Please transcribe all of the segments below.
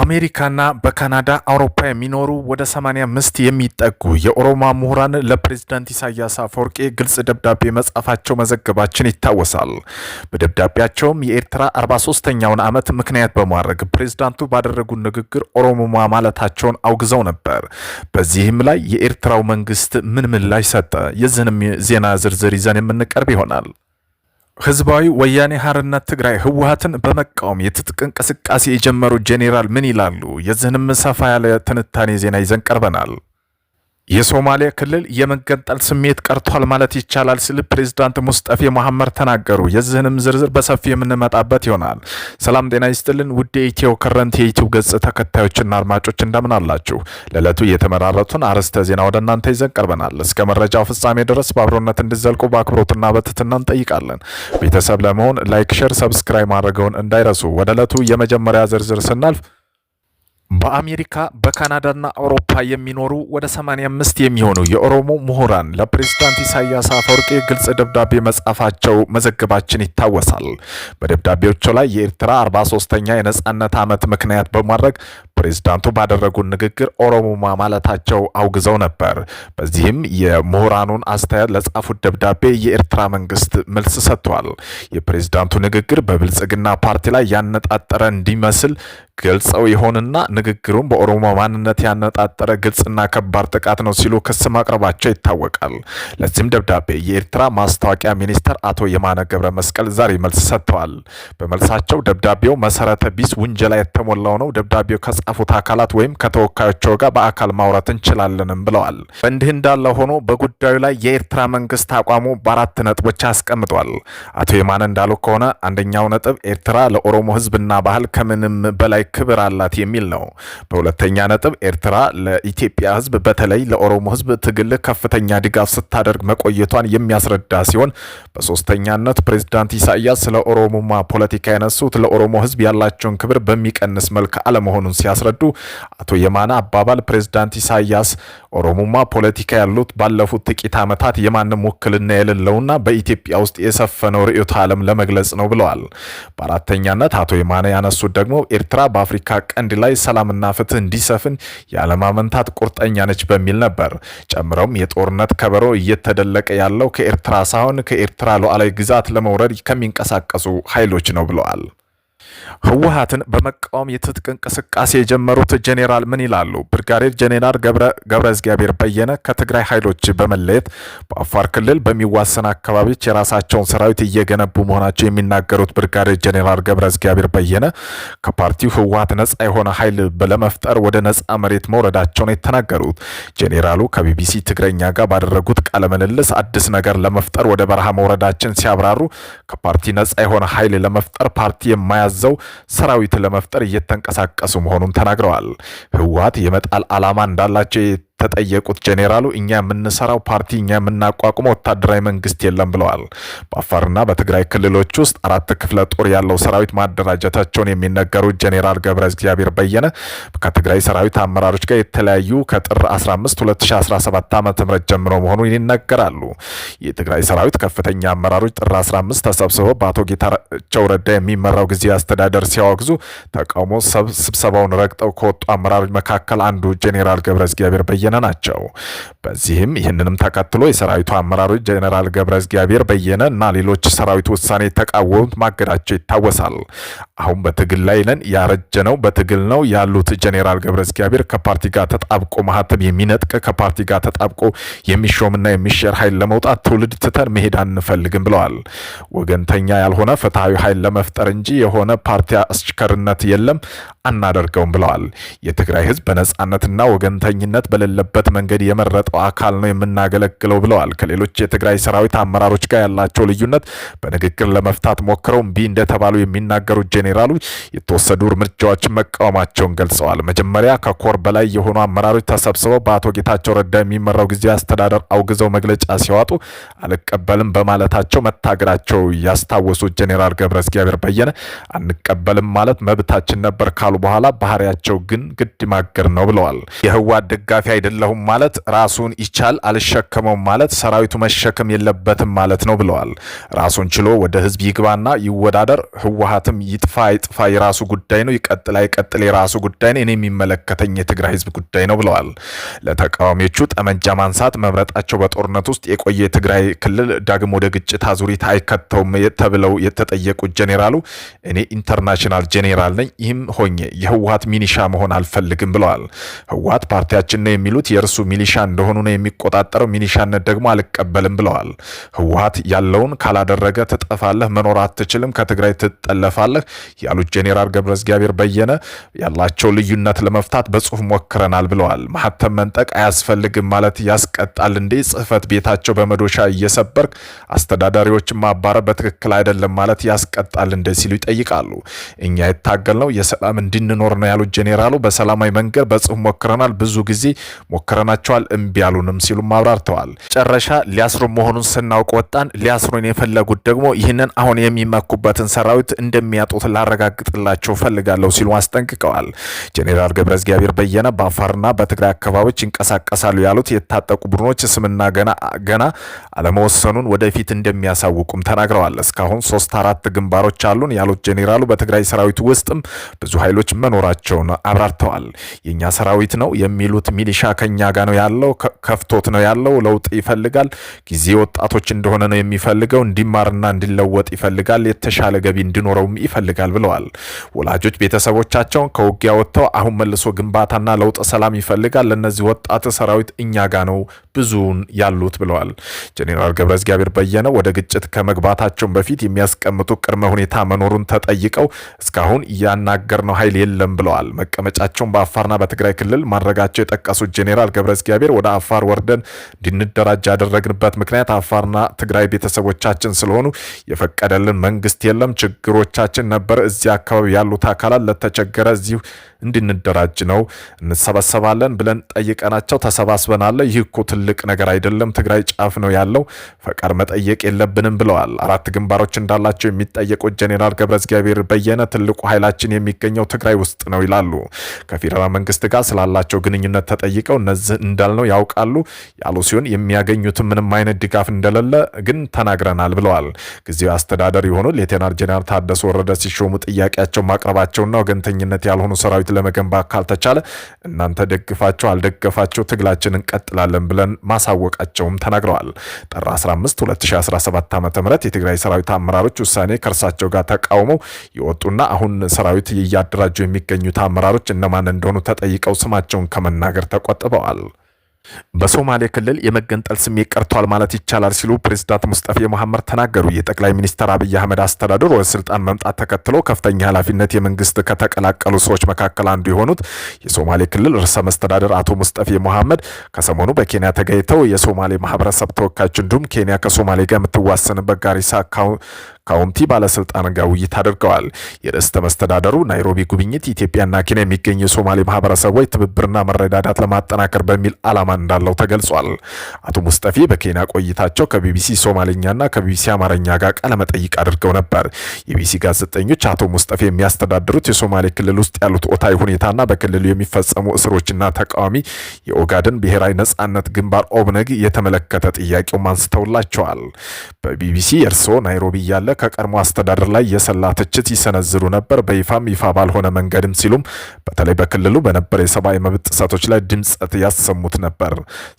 በአሜሪካና በካናዳ አውሮፓ የሚኖሩ ወደ 85 የሚጠጉ የኦሮሞ ምሁራን ለፕሬዝዳንት ኢሳያስ አፈወርቄ ግልጽ ደብዳቤ መጻፋቸው መዘገባችን ይታወሳል። በደብዳቤያቸውም የኤርትራ 43ኛውን ዓመት ምክንያት በማድረግ ፕሬዝዳንቱ ባደረጉት ንግግር ኦሮሞማ ማለታቸውን አውግዘው ነበር። በዚህም ላይ የኤርትራው መንግስት ምን ምላሽ ሰጠ? የዚህንም ዜና ዝርዝር ይዘን የምንቀርብ ይሆናል። ህዝባዊ ወያኔ ሓርነት ትግራይ ህወሀትን በመቃወም የትጥቅ እንቅስቃሴ የጀመሩ ጄኔራል ምን ይላሉ? የዚህንም ሰፋ ያለ ትንታኔ ዜና ይዘን ቀርበናል። የሶማሌ ክልል የመገንጠል ስሜት ቀርቷል ማለት ይቻላል ሲል ፕሬዚዳንት ሙስጠፌ መሐመድ ተናገሩ። የዚህንም ዝርዝር በሰፊ የምንመጣበት ይሆናል። ሰላም ጤና ይስጥልን ውድ የኢትዮ ከረንት የዩቲዩብ ገጽ ተከታዮችና አድማጮች እንደምን አላችሁ? ለዕለቱ የተመራረቱን አርዕስተ ዜና ወደ እናንተ ይዘን ቀርበናል። እስከ መረጃው ፍጻሜ ድረስ በአብሮነት እንዲዘልቁ በአክብሮትና በትትና እንጠይቃለን። ቤተሰብ ለመሆን ላይክ፣ ሸር ሰብስክራይብ ማድረገውን እንዳይረሱ። ወደ ዕለቱ የመጀመሪያ ዝርዝር ስናልፍ በአሜሪካ በካናዳና አውሮፓ የሚኖሩ ወደ 85 የሚሆኑ የኦሮሞ ምሁራን ለፕሬዝዳንት ኢሳያስ አፈወርቂ ግልጽ ደብዳቤ መጻፋቸው መዘገባችን ይታወሳል። በደብዳቤዎቹ ላይ የኤርትራ 43ኛ የነጻነት ዓመት ምክንያት በማድረግ ፕሬዝዳንቱ ባደረጉት ንግግር ኦሮሞማ ማለታቸው አውግዘው ነበር። በዚህም የምሁራኑን አስተያየት ለጻፉት ደብዳቤ የኤርትራ መንግስት መልስ ሰጥቷል። የፕሬዝዳንቱ ንግግር በብልጽግና ፓርቲ ላይ ያነጣጠረ እንዲመስል ገልጸው ይሆንና ንግግሩም በኦሮሞ ማንነት ያነጣጠረ ግልጽና ከባድ ጥቃት ነው ሲሉ ክስ ማቅረባቸው ይታወቃል። ለዚህም ደብዳቤ የኤርትራ ማስታወቂያ ሚኒስትር አቶ የማነ ገብረ መስቀል ዛሬ መልስ ሰጥተዋል። በመልሳቸው ደብዳቤው መሰረተ ቢስ ውንጀላ የተሞላው ነው። ደብዳቤው ከሚያጠፉት አካላት ወይም ከተወካዮቸው ጋር በአካል ማውራት እንችላለንም ብለዋል። በእንዲህ እንዳለ ሆኖ በጉዳዩ ላይ የኤርትራ መንግስት አቋሙ በአራት ነጥቦች አስቀምጧል። አቶ የማነ እንዳሉ ከሆነ አንደኛው ነጥብ ኤርትራ ለኦሮሞ ህዝብና ባህል ከምንም በላይ ክብር አላት የሚል ነው። በሁለተኛ ነጥብ ኤርትራ ለኢትዮጵያ ህዝብ በተለይ ለኦሮሞ ህዝብ ትግል ከፍተኛ ድጋፍ ስታደርግ መቆየቷን የሚያስረዳ ሲሆን በሶስተኛነት ፕሬዝዳንት ኢሳያስ ስለ ኦሮሞማ ፖለቲካ ያነሱት ለኦሮሞ ህዝብ ያላቸውን ክብር በሚቀንስ መልክ አለመሆኑን ሲያስ ሲያስረዱ አቶ የማነ አባባል ፕሬዝዳንት ኢሳያስ ኦሮሞማ ፖለቲካ ያሉት ባለፉት ጥቂት ዓመታት የማንም ውክልና የሌለውና በኢትዮጵያ ውስጥ የሰፈነው ርዕዮተ ዓለም ለመግለጽ ነው ብለዋል። በአራተኛነት አቶ የማነ ያነሱት ደግሞ ኤርትራ በአፍሪካ ቀንድ ላይ ሰላምና ፍትህ እንዲሰፍን ያለማመንታት ቁርጠኛ ነች በሚል ነበር። ጨምረውም የጦርነት ከበሮ እየተደለቀ ያለው ከኤርትራ ሳይሆን ከኤርትራ ሉዓላዊ ግዛት ለመውረድ ከሚንቀሳቀሱ ኃይሎች ነው ብለዋል። ህወሀትን በመቃወም የትጥቅ እንቅስቃሴ የጀመሩት ጄኔራል ምን ይላሉ? ብርጋዴር ጄኔራል ገብረ እግዚአብሔር በየነ ከትግራይ ኃይሎች በመለየት በአፋር ክልል በሚዋሰን አካባቢዎች የራሳቸውን ሰራዊት እየገነቡ መሆናቸው የሚናገሩት ብርጋዴር ጄኔራል ገብረ እግዚአብሔር በየነ ከፓርቲው ህወሀት ነጻ የሆነ ኃይል ለመፍጠር ወደ ነጻ መሬት መውረዳቸውን የተናገሩት ጄኔራሉ ከቢቢሲ ትግረኛ ጋር ባደረጉት ቃለ ምልልስ አዲስ ነገር ለመፍጠር ወደ በረሃ መውረዳችን ሲያብራሩ ከፓርቲ ነጻ የሆነ ኃይል ለመፍጠር ፓርቲ የማያዝ አዘው ሰራዊት ለመፍጠር እየተንቀሳቀሱ መሆኑን ተናግረዋል። ህወሓት የመጣል ዓላማ እንዳላቸው የተጠየቁት ጄኔራሉ እኛ የምንሰራው ፓርቲ እኛ የምናቋቁመው ወታደራዊ መንግስት የለም ብለዋል። በአፋርና በትግራይ ክልሎች ውስጥ አራት ክፍለ ጦር ያለው ሰራዊት ማደራጀታቸውን የሚነገሩት ጄኔራል ገብረ እግዚአብሔር በየነ ከትግራይ ሰራዊት አመራሮች ጋር የተለያዩ ከጥር 15 2017 ዓ ም ጀምሮ መሆኑን ይነገራሉ። የትግራይ ሰራዊት ከፍተኛ አመራሮች ጥር 15 ተሰብስበው በአቶ ጌታቸው ረዳ የሚመራው ጊዜ አስተዳደር ሲያወግዙ ተቃውሞ ስብሰባውን ረግጠው ከወጡ አመራሮች መካከል አንዱ ጄኔራል ገብረ እግዚአብሔር በየነ በየነ ናቸው። በዚህም ይህንንም ተከትሎ የሰራዊቱ አመራሮች ጀኔራል ገብረ እግዚአብሔር በየነ እና ሌሎች ሰራዊቱ ውሳኔ የተቃወሙት ማገዳቸው ይታወሳል። አሁን በትግል ላይ ነን፣ ያረጀ ነው በትግል ነው ያሉት ጀኔራል ገብረ እግዚአብሔር ከፓርቲ ጋር ተጣብቆ ማህተም የሚነጥቅ ከፓርቲ ጋር ተጣብቆ የሚሾምና የሚሸር ኃይል ለመውጣት ትውልድ ትተን መሄድ አንፈልግም ብለዋል። ወገንተኛ ያልሆነ ፍትሐዊ ኃይል ለመፍጠር እንጂ የሆነ ፓርቲ አስችከርነት የለም፣ አናደርገውም ብለዋል። የትግራይ ህዝብ በነጻነትና ወገንተኝነት በሌለ ባለበት መንገድ የመረጠው አካል ነው የምናገለግለው ብለዋል። ከሌሎች የትግራይ ሰራዊት አመራሮች ጋር ያላቸው ልዩነት በንግግር ለመፍታት ሞክረው እምቢ እንደተባሉ የሚናገሩት ጄኔራሉ የተወሰዱ እርምጃዎችን መቃወማቸውን ገልጸዋል። መጀመሪያ ከኮር በላይ የሆኑ አመራሮች ተሰብስበው በአቶ ጌታቸው ረዳ የሚመራው ጊዜ አስተዳደር አውግዘው መግለጫ ሲያወጡ አልቀበልም በማለታቸው መታገዳቸው ያስታወሱት ጄኔራል ገብረ እግዚአብሔር በየነ አንቀበልም ማለት መብታችን ነበር ካሉ በኋላ ባህሪያቸው ግን ግድ ማገር ነው ብለዋል። የህዋት ደጋፊ አይደለም አይደለሁም ማለት ራሱን ይቻል አልሸከመውም ማለት ሰራዊቱ መሸከም የለበትም ማለት ነው ብለዋል። ራሱን ችሎ ወደ ህዝብ ይግባና ይወዳደር። ህወሀትም ይጥፋ ይጥፋ የራሱ ጉዳይ ነው፣ ይቀጥል አይቀጥል የራሱ ጉዳይ ነው፣ እኔ የሚመለከተኝ የትግራይ ህዝብ ጉዳይ ነው ብለዋል። ለተቃዋሚዎቹ ጠመንጃ ማንሳት መምረጣቸው በጦርነት ውስጥ የቆየ የትግራይ ክልል ዳግም ወደ ግጭት አዙሪት አይከተውም ተብለው የተጠየቁት ጄኔራሉ እኔ ኢንተርናሽናል ጄኔራል ነኝ፣ ይህም ሆኜ የህወሀት ሚኒሻ መሆን አልፈልግም ብለዋል። ህወሀት ፓርቲያችን ነው የሚሉት ያሉት የእርሱ ሚሊሻ እንደሆኑ ነው የሚቆጣጠረው። ሚሊሻነት ደግሞ አልቀበልም ብለዋል። ህወሀት ያለውን ካላደረገ ትጠፋለህ፣ መኖር አትችልም፣ ከትግራይ ትጠለፋለህ ያሉት ጄኔራል ገብረ እግዚአብሔር በየነ ያላቸው ልዩነት ለመፍታት በጽሁፍ ሞክረናል ብለዋል። ማህተም መንጠቅ አያስፈልግም ማለት ያስቀጣል እንዴ? ጽህፈት ቤታቸው በመዶሻ እየሰበርክ አስተዳዳሪዎችን ማባረር በትክክል አይደለም ማለት ያስቀጣል እንዴ? ሲሉ ይጠይቃሉ። እኛ የታገልነው የሰላም እንድንኖር ነው ያሉት ጄኔራሉ በሰላማዊ መንገድ በጽሁፍ ሞክረናል ብዙ ጊዜ ሞክረናቸዋል፣ እምቢ ያሉንም ሲሉም አብራርተዋል። ጨረሻ ሊያስሩን መሆኑን ስናውቅ ወጣን። ሊያስሩን የፈለጉት ደግሞ ይህንን አሁን የሚመኩበትን ሰራዊት እንደሚያጡት ላረጋግጥላቸው ፈልጋለሁ ሲሉ አስጠንቅቀዋል። ጄኔራል ገብረ እግዚአብሔር በየነ በአፋርና በትግራይ አካባቢዎች ይንቀሳቀሳሉ ያሉት የታጠቁ ቡድኖች ስምና ገና ገና አለመወሰኑን ወደፊት እንደሚያሳውቁም ተናግረዋል። እስካሁን ሶስት አራት ግንባሮች አሉን ያሉት ጄኔራሉ በትግራይ ሰራዊት ውስጥም ብዙ ኃይሎች መኖራቸውን አብራርተዋል። የእኛ ሰራዊት ነው የሚሉት ሚሊሻ ከኛ ጋር ነው ያለው፣ ከፍቶት ነው ያለው። ለውጥ ይፈልጋል። ጊዜ ወጣቶች እንደሆነ ነው የሚፈልገው። እንዲማርና እንዲለወጥ ይፈልጋል። የተሻለ ገቢ እንዲኖረውም ይፈልጋል ብለዋል። ወላጆች ቤተሰቦቻቸውን ከውጊያ ወጥተው አሁን መልሶ ግንባታና ለውጥ ሰላም ይፈልጋል። ለእነዚህ ወጣት ሰራዊት እኛ ጋ ነው ብዙውን ያሉት ብለዋል። ጄኔራል ገብረ እግዚአብሔር በየነው ወደ ግጭት ከመግባታቸውን በፊት የሚያስቀምጡ ቅድመ ሁኔታ መኖሩን ተጠይቀው እስካሁን እያናገር ነው ኃይል የለም ብለዋል። መቀመጫቸውን በአፋርና በትግራይ ክልል ማድረጋቸው የጠቀሱት ጄኔራል ገብረ እግዚአብሔር ወደ አፋር ወርደን እንድንደራጅ ያደረግንበት ምክንያት አፋርና ትግራይ ቤተሰቦቻችን ስለሆኑ የፈቀደልን መንግስት የለም፣ ችግሮቻችን ነበር። እዚህ አካባቢ ያሉት አካላት ለተቸገረ እዚሁ እንድንደራጅ ነው እንሰበሰባለን ብለን ጠይቀናቸው ተሰባስበናለ። ይህ እኮ ትልቅ ነገር አይደለም፣ ትግራይ ጫፍ ነው ያለው፣ ፈቃድ መጠየቅ የለብንም ብለዋል። አራት ግንባሮች እንዳላቸው የሚጠየቁት ጄኔራል ገብረ እግዚአብሔር በየነ ትልቁ ኃይላችን የሚገኘው ትግራይ ውስጥ ነው ይላሉ። ከፌዴራል መንግስት ጋር ስላላቸው ግንኙነት ተጠይቀው እነዚህ እንዳልነው ያውቃሉ ያሉ ሲሆን የሚያገኙት ምንም አይነት ድጋፍ እንደሌለ ግን ተናግረናል ብለዋል። ጊዜው አስተዳደር የሆኑ ሌተናል ጄኔራል ታደሰ ወረደ ሲሾሙ ጥያቄያቸው ማቅረባቸውና ወገንተኝነት ያልሆኑ ሰራዊት ለመገንባት ካልተቻለ እናንተ ደግፋቸው አልደገፋቸው ትግላችን እንቀጥላለን ብለን ማሳወቃቸውም ተናግረዋል። ጥር 15 2017 ዓ ም የትግራይ ሰራዊት አመራሮች ውሳኔ ከእርሳቸው ጋር ተቃውመው የወጡና አሁን ሰራዊት እያደራጁ የሚገኙት አመራሮች እነማን እንደሆኑ ተጠይቀው ስማቸውን ከመናገር ተቆጥበዋል። በሶማሌ ክልል የመገንጠል ስሜት ቀርቷል ማለት ይቻላል ሲሉ ፕሬዚዳንት ሙስጠፌ መሐመድ ተናገሩ። የጠቅላይ ሚኒስትር አብይ አህመድ አስተዳደር ወደ ስልጣን መምጣት ተከትሎ ከፍተኛ ኃላፊነት የመንግስት ከተቀላቀሉ ሰዎች መካከል አንዱ የሆኑት የሶማሌ ክልል ርዕሰ መስተዳደር አቶ ሙስጠፌ መሐመድ ከሰሞኑ በኬንያ ተገኝተው የሶማሌ ማህበረሰብ ተወካዮች እንዲሁም ኬንያ ከሶማሌ ጋር የምትዋሰንበት ጋሪሳ ከሁምቲ ባለስልጣን ጋር ውይይት አድርገዋል። የርዕሰ መስተዳደሩ ናይሮቢ ጉብኝት ኢትዮጵያና ኬንያ የሚገኙ የሶማሌ ማህበረሰቦች ትብብርና መረዳዳት ለማጠናከር በሚል ዓላማ እንዳለው ተገልጿል። አቶ ሙስጠፌ በኬንያ ቆይታቸው ከቢቢሲ ሶማሌኛና ከቢቢሲ አማርኛ ጋር ቃለመጠይቅ አድርገው ነበር። የቢቢሲ ጋዜጠኞች አቶ ሙስጠፌ የሚያስተዳድሩት የሶማሌ ክልል ውስጥ ያሉት ኦታዊ ሁኔታና በክልሉ የሚፈጸሙ እስሮችና ተቃዋሚ የኦጋድን ብሔራዊ ነጻነት ግንባር ኦብነግ የተመለከተ ጥያቄውም አንስተውላቸዋል። በቢቢሲ እርስዎ ናይሮቢ እያለ ከቀድሞ አስተዳደር ላይ የሰላ ትችት ይሰነዝሩ ነበር፣ በይፋም ይፋ ባልሆነ መንገድም ሲሉም በተለይ በክልሉ በነበረ የሰብአዊ መብት ጥሰቶች ላይ ድምፀት ያሰሙት ነበር።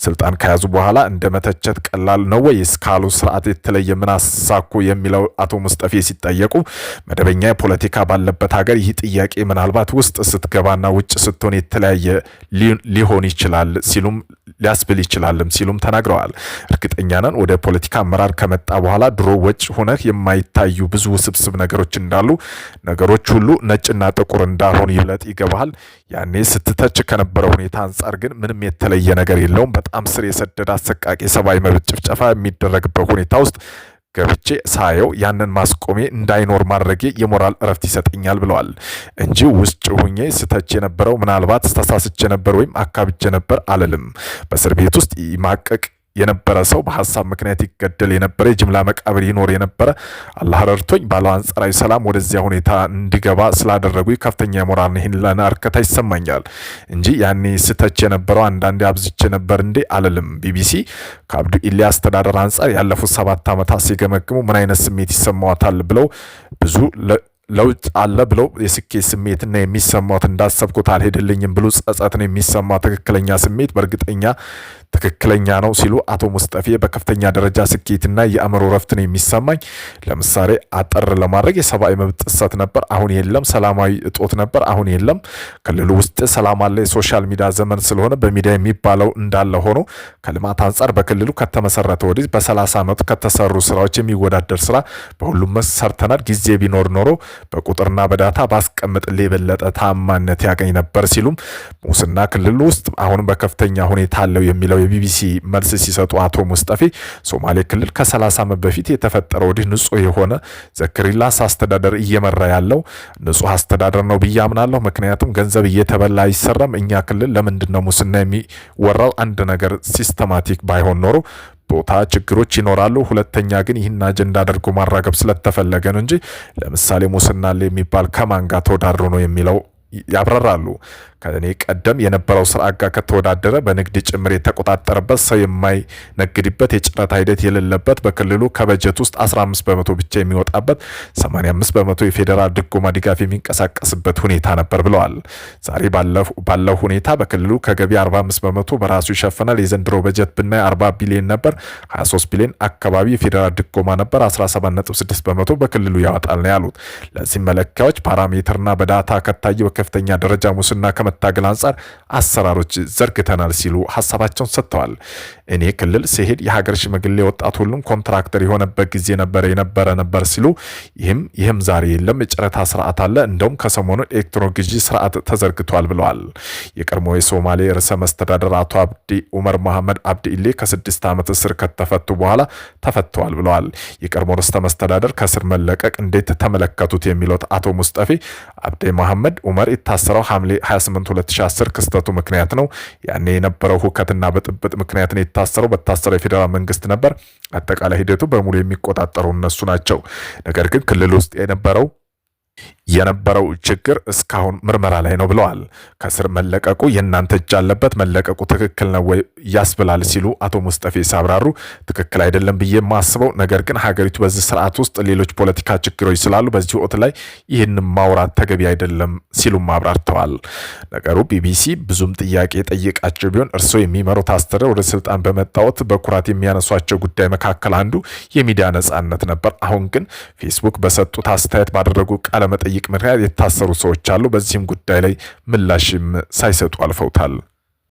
ስልጣን ከያዙ በኋላ እንደ መተቸት ቀላል ነው ወይ ካሉ ስርዓት የተለየ ምን አሳኩ የሚለው አቶ ሙስጠፌ ሲጠየቁ መደበኛ የፖለቲካ ባለበት ሀገር ይህ ጥያቄ ምናልባት ውስጥ ስትገባና ውጭ ስትሆን የተለያየ ሊሆን ይችላል ሲሉም ሊያስብል ይችላልም ሲሉም ተናግረዋል። እርግጠኛ ነን ወደ ፖለቲካ አመራር ከመጣ በኋላ ድሮ ወጭ ሆነህ የማይ የማይታዩ ብዙ ውስብስብ ነገሮች እንዳሉ ነገሮች ሁሉ ነጭና ጥቁር እንዳልሆን ይብለጥ ይገባሃል። ያኔ ስትተች ከነበረ ሁኔታ አንጻር ግን ምንም የተለየ ነገር የለውም። በጣም ስር የሰደደ አሰቃቂ ሰብአዊ መብት ጭፍጨፋ የሚደረግበት ሁኔታ ውስጥ ገብቼ ሳየው ያንን ማስቆሜ እንዳይኖር ማድረጌ የሞራል እረፍት ይሰጠኛል ብለዋል እንጂ ውስጭ ሁኜ ስተች የነበረው ምናልባት ተሳስቼ ነበር ወይም አካብቼ ነበር አልልም። በእስር ቤት ውስጥ ይማቀቅ የነበረ ሰው በሀሳብ ምክንያት ይገደል የነበረ የጅምላ መቃብር ይኖር የነበረ አላህ ረድቶኝ ባለው አንጻራዊ ሰላም ወደዚያ ሁኔታ እንዲገባ ስላደረጉ ከፍተኛ የሞራል ይህን እርከታ ይሰማኛል እንጂ ያኔ ስተች የነበረው አንዳንዴ አብዝቼ ነበር እንዴ አልልም። ቢቢሲ ከአብዱ ኢሌ አስተዳደር አንጻር ያለፉት ሰባት ዓመታት ሲገመግሙ ምን አይነት ስሜት ይሰማዋታል ብለው ብዙ ለውጥ አለ ብሎ የስኬት ስሜትና የሚሰማት እንዳሰብኩት አልሄድልኝም ብሎ ጸጸትን የሚሰማ ትክክለኛ ስሜት በእርግጠኛ ትክክለኛ ነው ሲሉ አቶ ሙስጠፌ በከፍተኛ ደረጃ ስኬትና የአእምሮ ረፍትን የሚሰማኝ ለምሳሌ አጠር ለማድረግ የሰብአዊ መብት ጥሰት ነበር፣ አሁን የለም። ሰላማዊ እጦት ነበር፣ አሁን የለም። ክልሉ ውስጥ ሰላም አለ። የሶሻል ሚዲያ ዘመን ስለሆነ በሚዲያ የሚባለው እንዳለ ሆኖ ከልማት አንጻር በክልሉ ከተመሰረተ ወዲህ በሰላሳ ዓመቱ ከተሰሩ ስራዎች የሚወዳደር ስራ በሁሉም ሰርተናል። ጊዜ ቢኖር ኖሮ በቁጥርና በዳታ ባስቀምጥ የበለጠ ታማነት ያገኝ ነበር ሲሉም ሙስና ክልል ውስጥ አሁንም በከፍተኛ ሁኔታ አለው የሚለው የቢቢሲ መልስ ሲሰጡ አቶ ሙስጠፌ ሶማሌ ክልል ከ30 ዓመት በፊት የተፈጠረው ወዲህ ንጹህ የሆነ ዘክሪላስ አስተዳደር እየመራ ያለው ንጹህ አስተዳደር ነው ብዬ አምናለሁ። ምክንያቱም ገንዘብ እየተበላ አይሰራም። እኛ ክልል ለምንድን ነው ሙስና የሚወራው? አንድ ነገር ሲስተማቲክ ባይሆን ኖሮ ቦታ ችግሮች ይኖራሉ። ሁለተኛ ግን ይህን አጀንዳ አድርጎ ማራገብ ስለተፈለገ ነው እንጂ ለምሳሌ ሙስና የሚባል ከማን ጋር ተወዳድሮ ነው የሚለው ያብራራሉ። ከእኔ ቀደም የነበረው ስርዓት ጋር ከተወዳደረ በንግድ ጭምር የተቆጣጠረበት ሰው የማይነግድበት የጭረታ ሂደት የሌለበት በክልሉ ከበጀት ውስጥ 15 በመቶ ብቻ የሚወጣበት 85 በመቶ የፌዴራል ድጎማ ድጋፍ የሚንቀሳቀስበት ሁኔታ ነበር ብለዋል። ዛሬ ባለው ሁኔታ በክልሉ ከገቢ 45 በመቶ በራሱ ይሸፍናል። የዘንድሮ በጀት ብናይ 40 ቢሊዮን ነበር፣ 23 ቢሊዮን አካባቢ የፌዴራል ድጎማ ነበር፣ 17.6 በመቶ በክልሉ ያወጣል ነው ያሉት። ለዚህም መለኪያዎች ፓራሜትርና በዳታ ከታየ ከፍተኛ ደረጃ ሙስና ከመታገል አንጻር አሰራሮች ዘርግተናል ሲሉ ሀሳባቸውን ሰጥተዋል። እኔ ክልል ሲሄድ የሀገር ሽማግሌ ወጣት ሁሉም ኮንትራክተር የሆነበት ጊዜ ነበረ የነበረ ነበር ሲሉ ይህም ይህም ዛሬ የለም፣ የጨረታ ስርዓት አለ። እንደውም ከሰሞኑ ኤሌክትሮን ግዢ ስርዓት ተዘርግቷል ብለዋል። የቀድሞ የሶማሌ ርዕሰ መስተዳደር አቶ አብዲ ኡመር መሐመድ አብዲ ኢሌ ከስድስት ዓመት እስር ከተፈቱ በኋላ ተፈተዋል ብለዋል። የቀድሞ ርዕሰ መስተዳደር ከእስር መለቀቅ እንዴት ተመለከቱት የሚለው አቶ ሙስጠፌ አብዴ መሐመድ ኡመር የታሰረው ሐምሌ 28 2010 ክስተቱ ምክንያት ነው። ያኔ የነበረው ሁከትና በጥብጥ ምክንያት ነው የታሰረው። በታሰረው የፌዴራል መንግስት ነበር። አጠቃላይ ሂደቱ በሙሉ የሚቆጣጠሩ እነሱ ናቸው። ነገር ግን ክልል ውስጥ የነበረው የነበረው ችግር እስካሁን ምርመራ ላይ ነው ብለዋል። ከስር መለቀቁ የእናንተ እጅ አለበት መለቀቁ ትክክል ነው ወይ ያስብላል ሲሉ አቶ ሙስጠፌ ሲያብራሩ ትክክል አይደለም ብዬ ማስበው፣ ነገር ግን ሀገሪቱ በዚህ ስርዓት ውስጥ ሌሎች ፖለቲካ ችግሮች ስላሉ በዚህ ወቅት ላይ ይህን ማውራት ተገቢ አይደለም ሲሉም አብራርተዋል። ነገሩ ቢቢሲ ብዙም ጥያቄ ጠይቃቸው ቢሆን እርስዎ የሚመሩት አስተዳደር ወደ ስልጣን በመጣወት በኩራት የሚያነሷቸው ጉዳይ መካከል አንዱ የሚዲያ ነጻነት ነበር። አሁን ግን ፌስቡክ በሰጡት አስተያየት ባደረጉ ቃል ቃለመጠይቅ ምክንያት የታሰሩ ሰዎች አሉ። በዚህም ጉዳይ ላይ ምላሽም ሳይሰጡ አልፈውታል።